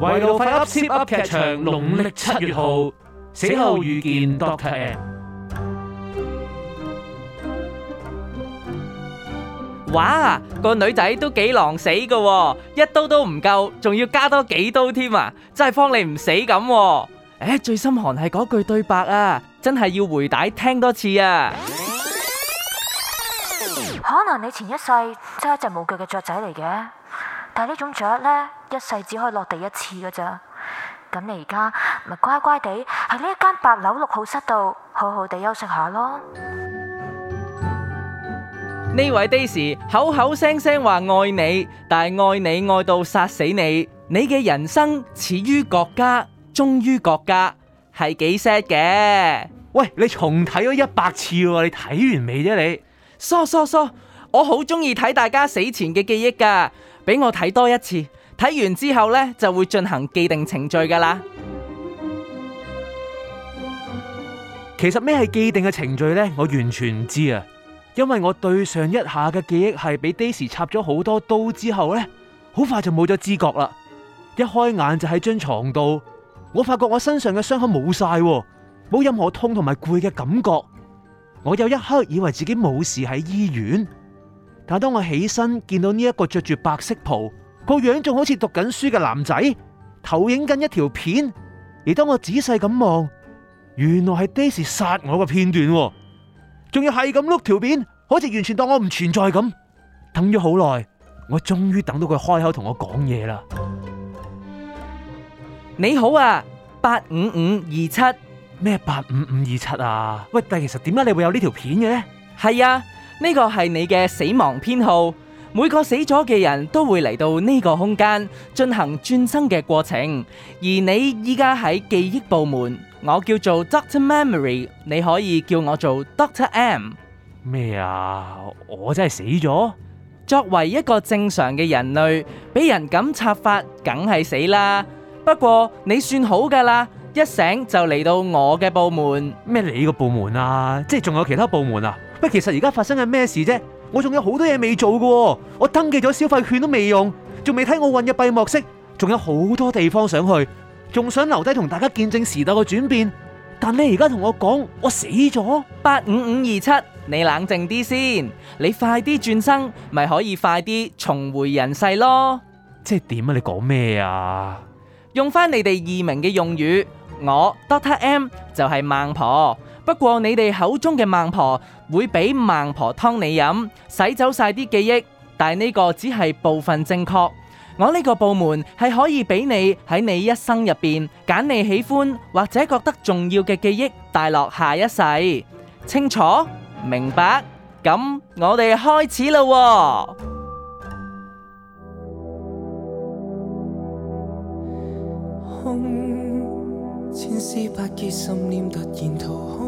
維路快 Zip 噏 Zip 噏劇場，農曆七月號死後遇見 Doctor M。哇，個女仔都幾狼死噶，一刀都唔夠，仲要加多幾刀添啊！真係放你唔死咁。誒，最心寒係嗰句對白啊，真係要回帶聽多次啊！可能你前一世真係一隻冇腳嘅雀仔嚟嘅。但係呢種雀咧，一世只可以落地一次嘅咋。咁你而家咪乖乖地喺呢一間八樓六號室度，好好地休息下咯。呢位 Daisy 口口聲聲話愛你，但係愛你愛到殺死你，你嘅人生始於國家，終於國家，係幾 sad 嘅？喂，你重睇咗一百次喎，你睇完未啫？你，嗦嗦嗦。我好中意睇大家死前嘅記憶噶，俾我睇多一次。睇完之後呢就會進行既定程序噶啦。其實咩係既定嘅程序呢？我完全唔知啊，因為我對上一下嘅記憶係俾 Daisy 插咗好多刀之後呢，好快就冇咗知覺啦。一開眼就喺張床度，我發覺我身上嘅傷口冇晒，冇任何痛同埋攰嘅感覺。我有一刻以為自己冇事喺醫院。但係當我起身見到呢一個着住白色袍個樣仲好似讀緊書嘅男仔投影緊一條片，而當我仔細咁望，原來係 Daisy 殺我嘅片段，仲要係咁碌條片，好似完全當我唔存在咁。等咗好耐，我終於等到佢開口同我講嘢啦。你好啊，八五五二七咩？八五五二七啊？喂，但係其實點解你會有呢條片嘅咧？係啊。呢個係你嘅死亡編號，每個死咗嘅人都會嚟到呢個空間進行轉生嘅過程。而你依家喺記憶部門，我叫做 Doctor Memory，你可以叫我做 Doctor M。咩啊？我真係死咗？作為一個正常嘅人類，俾人咁插發，梗係死啦。不過你算好噶啦，一醒就嚟到我嘅部門。咩你這個部門啊？即係仲有其他部門啊？不，其實而家發生緊咩事啫？我仲有好多嘢未做嘅，我登記咗消費券都未用，仲未睇我混入閉幕式，仲有好多地方想去，仲想留低同大家見證時代嘅轉變。但你而家同我講，我死咗？八五五二七，你冷靜啲先，你快啲轉生，咪可以快啲重回人世咯。即係點啊？你講咩啊？用返你哋二名嘅用語，我 Doctor M 就係孟婆。不過你哋口中嘅孟婆會俾孟婆湯你飲，洗走晒啲記憶，但係呢個只係部分正確。我呢個部門係可以俾你喺你一生入邊揀你喜歡或者覺得重要嘅記憶帶落下一世，清楚明白？咁我哋開始啦，㖏。千絲百結，心念突然逃空。